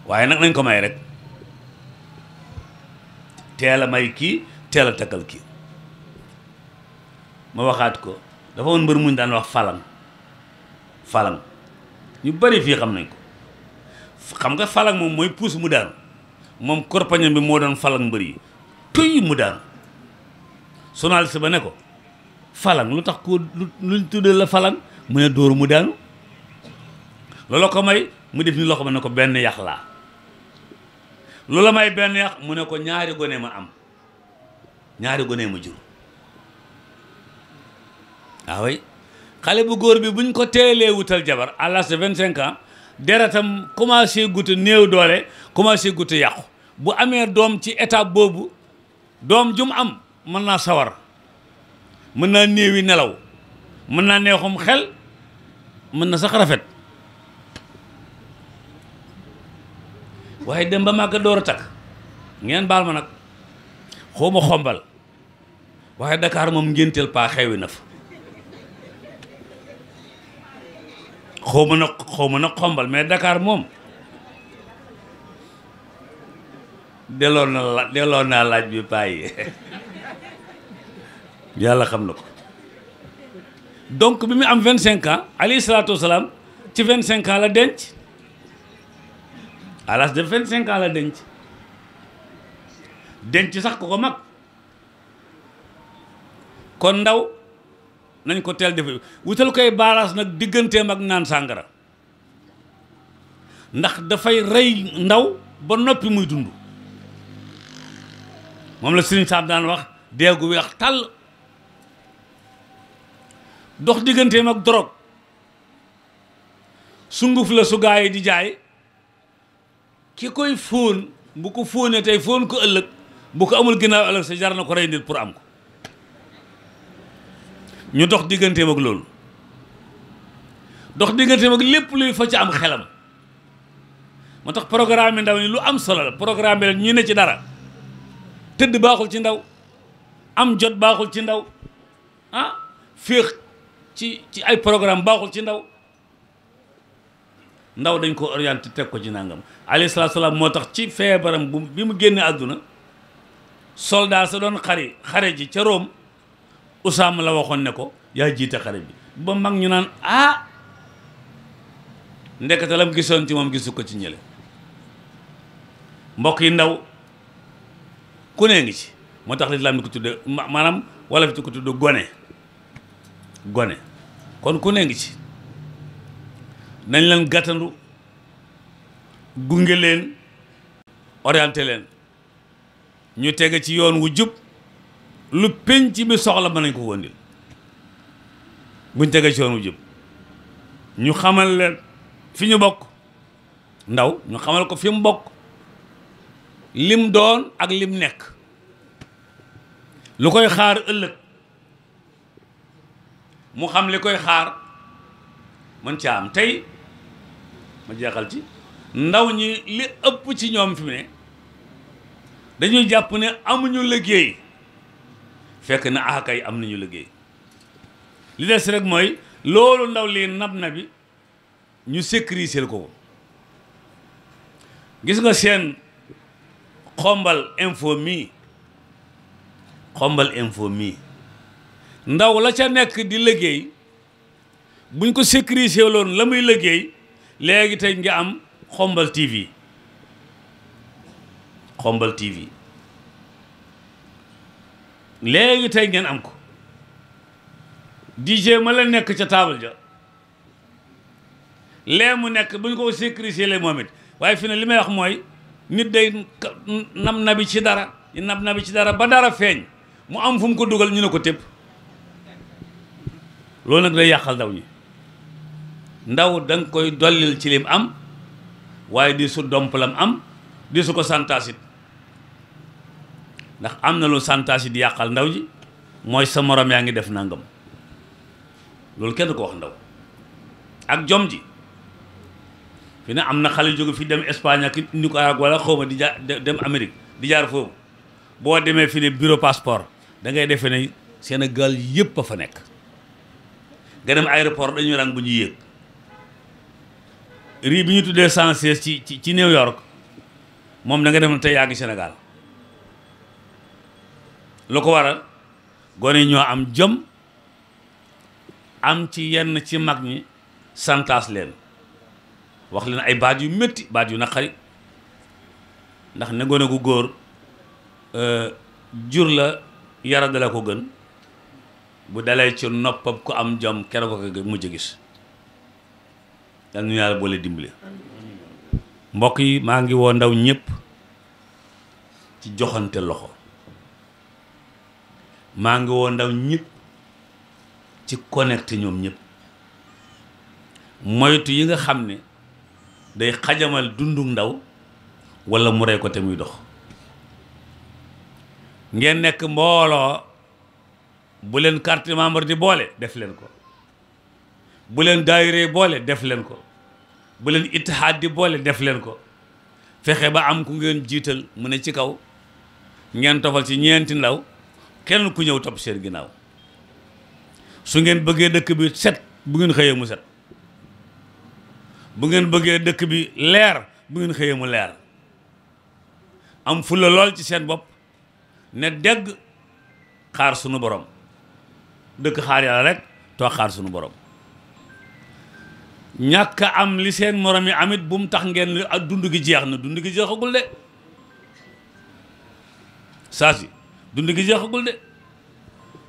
Speaker 3: waaye nag nañ ko may rek teel a may kii teel a takkal kii ma waxaat ko dafa woon mbër muñ daan wax falang falang ñu bari fii xam nañ ko xam nga falang moom mooy puus mu daanu moom korpañam bi moo doon falang mbër yi tuy mu daanu sonal si ba ne ko falang lu tax ko luñ tuddee la falang mu ne dóor mu daanu looloo ko may mu def ni loxo ma ne ko benn yax laa lu la may benn yax mu ne ko ñaari gone ma am ñaari gone ma jur waaway xale bu góor bi buñ ko teelee wutal jabar à l'âge vingt cinq ans deretam commencé guta néew doole commencé guta yàqu bu amee doom ci étape boobu doom jum am mën naa sawar mën naa néewi nelaw mën naa neexum xel mën na sax rafet waaye dem ba màgg door a takk ngeen baal ma nag xaw ma xombal waaye dakaar moom ngénteel paa xewi na fa xaw ma nag xaw ma nag xombal mais dakaar moom delloo naa laaj bi paa yi yàlla xam na ko donc bi muy am vingt cinq ans alayhi salaatu wasalaam ci vint cinq ans la denc à l'âge de vingt cinq ans la denc denc sax ko ko mag kon ndaw nañ ko teel defe wutal koy baaraas nag digganteem ak naan sàngara ndax dafay rey ndaw ba noppi muy dund moom la sëriñ Saam daan wax gu weex tàll dox digganteem ak dorog sunguf la su gaa yi di jaay ki koy fóon bu ko fóonee tey fóon ko ëllëg bu ko amul ginnaaw ëllëg sa jar na ko rey nit pour am ko ñu dox diggante ak loolu dox digganteem ak lépp luy fa ci am xelam moo tax programme ndaw ñi lu am solo la programme bi ne ci dara tëdd baaxul ci ndaw am jot baaxul ci ndaw ah féex ci ci ay programme baaxul ci ndaw ndaw dañ ko orienté teg ko ci nangam alayhi salaatu salaam moo tax ci feebaram bu bi mu génne àdduna soldaar sa doon xari xare ji ca Rome Usaama la waxoon ne ko yaa jiite xare bi ba mag ñu naan ah ndekete la mu gisoon ci moom gisu ko ci ñële mbokk yi ndaw ku nee ngi ci moo tax lislaam di ko tudde maanaam wala fi ko tudde gone gone kon ku nee ngi ci nañ leen gàttandu gunge leen orienté leen ñu tege ci yoon wu jub lu penc bi soxla mën nañ ko wëndil buñ tege ci yoon wu jub ñu xamal leen fi ñu bokk ndaw ñu xamal ko fi mu bokk lim doon ak lim nekk lu koy xaar ëllëg mu xam li koy xaar mën caa am tey ma jeexal ci ndaw ñi li ëpp ci ñoom fi mu ne dañuy jàpp ne amuñu liggéey fekk na ah yi am ñu liggéey li des rek mooy loolu ndaw lii nab na bi ñu sécuriser ko gis nga seen xombal info mii xombal info mii ndaw la ca nekk di liggéey buñ ko sécuriser loon la muy liggéey léegi tey ngi am xombal TV xombal TV léegi tey ngeen am ko DJ ma la nekk ca taabal ja lee mu nekk bu ñu ko sécuriser la moom it waaye fi ne li may wax mooy nit day nam nabi ci dara nam nabi ci dara ba dara feeñ mu am fu mu ko dugal ñu ne ko tépp loolu nag day yàqal daw ñi ndaw danga koy dollil ci lim am waaye di su domp dompalam am di su ko santaasit ndax am na lu santaasit yàqal ndaw ji mooy sa morom yaa ngi def nangam loolu kenn ko wax ndaw ak jom ji fi ne am na xale jogu fi dem Espagne ak Nicaragua wala xaw ma di jaar dem Amérique di jaar foofu boo demee fi ne bureau passeport da ngay defee ne Sénégal yëpp a fa nekk nga dem aéroport dañuy rang bu ñuy yéeg. riz bi ñu tuddee cent seize ci ci New York moom danga nga dem tey yaa ngi Sénégal lu ko waral gone ñoo am jëm am ci yenn ci mag ñi santaas leen wax leen ay baat yu metti baat yu naqari ndax ne gone gu góor euh, jur la yara dala ko gën bu dalee ci noppam ku am jom keroog ko mujj gis yal na ñu yàlla boole dimbali mbokk yi maa ngi woo ndaw ñëpp ci joxante loxo maa ngi woo ndaw ñëpp ci connecté ñoom ñëpp moytu yi nga xam ni day xajamal dundu ndaw wala mu rey ko te muy dox ngeen nekk mbooloo bu leen carte membre di boole def leen ko bu leen daayiree boole def leen ko bu leen ittihaad di boole def leen ko fexe ba am ku ngeen jiital mu ne ci kaw ngeen tofal ci ñeenti ndaw kenn ku ñëw topp seen ginnaaw su ngeen bëggee dëkk bi set bu ngeen xëyee mu set bu ngeen bëggee dëkk bi leer bu ngeen xëyee mu leer am fulla lool ci seen bopp ne dégg xaar sunu borom dëkk xaar yàlla rek toog xaar sunu borom ñàkk am li seen morom yi amit bu mu tax ngeen ak dund gi jeex na dund gi jeexagul de saa si dund gi jeexagul de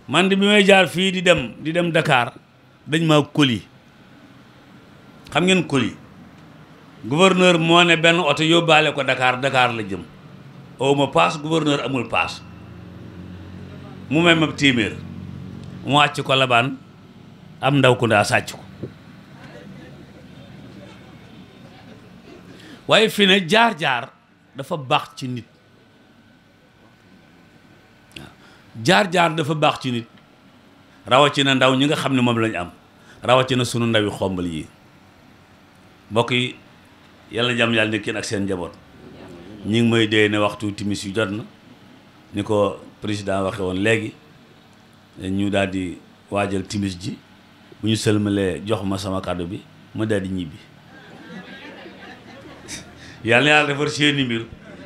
Speaker 3: man de bi may jaar fii di dem di dem dakaar dañ maa colis xam ngeen colis gouverneur moo ne benn oto yóbbaale ko dakaar dakaar la jëm aw ma paas gouverneur amul paas mu may ma téeméer mu wàcc ko labaan am ndaw ku ndaa sàcc ko waaye fi ne jaar-jaar dafa baax ci nit jaar-jaar dafa baax ci nit rawatina ndaw ñi nga xam ne moom lañu am rawatina sunu ndawi xombal yi mbokk yi yàlla jàmm yàlla kenn ak seen njaboot ñi ngi may dee ne waxtu timis yu jot na ni ko président waxe woon léegi ñu daal di jël timis ji bu ñu sëlmalee jox ma sama kàddu bi ma daal di ñibbi yàlla yàlla defar seeni mbir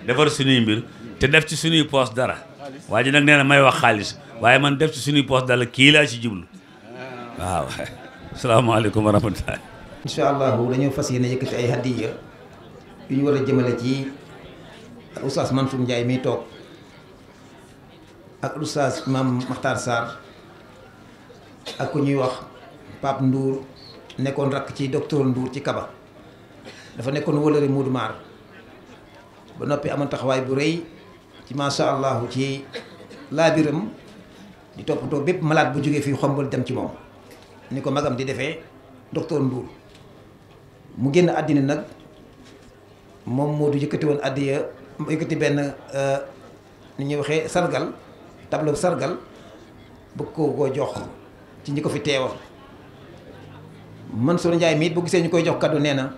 Speaker 3: defar suñuy mbir te def ci sunuy poos dara waa ji nag nee may wax xaalis waaye man def ci sunuy poos dara kii laa ci jublu waaw salaamaaleykum wa rahmatulah
Speaker 2: incha allahu dañoo fas yéene yëkkati ay hadiya yu ñu war a jëmale ci oustaz Mansour njaay miy toog ak oustaz Mame Makhtar Sarr ak ku ñuy wax Pape Ndour nekkoon rakk ci docteur Ndour ci Kaba dafa nekkoon wëlëri Modou ba noppi amoon taxawaay bu rëy ci macha allah ci laabiram di toppatoo bépp malaat bu jógee fii xombal dem ci moom ni ko magam di defee docteur Ndour mu génn àddina nag moom moo du yëkkati woon àddiya yëkkati benn euh, ni ñuy waxee sargal tableau sargal bëgg ko koo jox ci ñi ko fi teewal Mansour Ndiaye njaay mii bu gisee ñu koy jox kaddu nee na.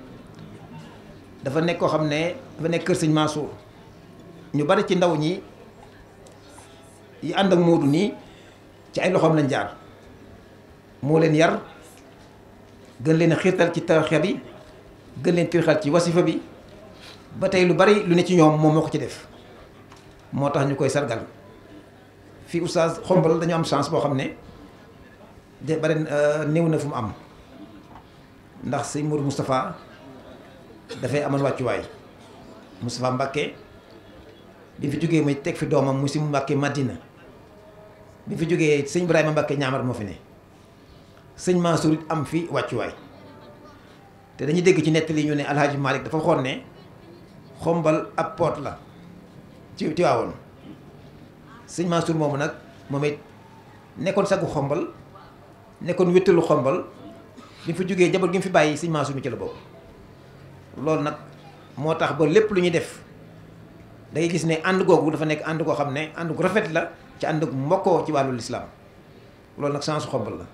Speaker 2: dafa nekk koo xam ne dafa nekk kër sëñ Mansour ñu bari ci ndaw ñi yi ànd ak Moodu nii ci ay loxoom lañ jaar moo leen yar gën leen a xiirtal ci tawxet bi gën leen xiirtal ci wasifa bi ba tey lu bari lu ne ci ñoom moom moo ko ci def moo tax ñu koy sargal fii oustaz xombal dañu am chance boo xam ne de bari euh, néew na fu mu am ndax sëñ Moodu Moustapha dafay amoon wàccuwaay Moustapha Mbacké bi fi jógee muy teg fi doomam mu si Mbacké Madina bi fi jógee sëñ Ibrahima Mbacké ñaamar moo fi ne sëñ Mansour it am fi wàccuwaay te dañuy dëgg ci nettali ñu ne Alhaji Malick dafa xoon ne xombal ab poot la ci Tiwaawoon sëñ Mansour moomu nag moom it nekkoon sagu xombal nekkoon wéttalu xombal bi mu fi jógee jabar gi mu fi bàyyi sëñ Mansour mi ci la boobu loolu nag moo tax ba lépp lu ñuy def da gis ne ànd googu dafa nekk ànd koo xam ne ànd gu rafet la ci ànd gu mbokkoo ci wàllu lislaam loolu nag sans xombal la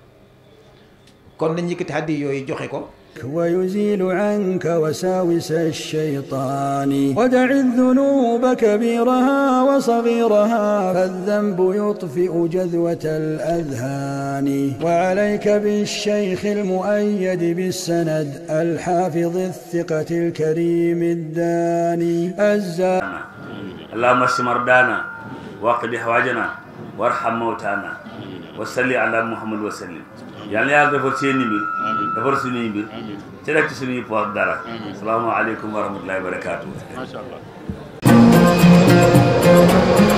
Speaker 2: kon nañ yëkkati hàddi yooyu joxe ko
Speaker 1: ويزيل عنك وساوس الشيطان ودع الذنوب كبيرها وصغيرها فالذنب يطفئ جذوة الأذهان وعليك بالشيخ المؤيد بالسند الحافظ الثقة الكريم الداني الزاني
Speaker 3: اللهم اشف مرضانا واقض حوائجنا وارحم موتانا وصل على محمد وسلم yal na yàlla defar seeni mbir defar suñuy mbir ci rek ci suñuy poos dara salaamaaleykum wa rahmatullahi wa barakaatu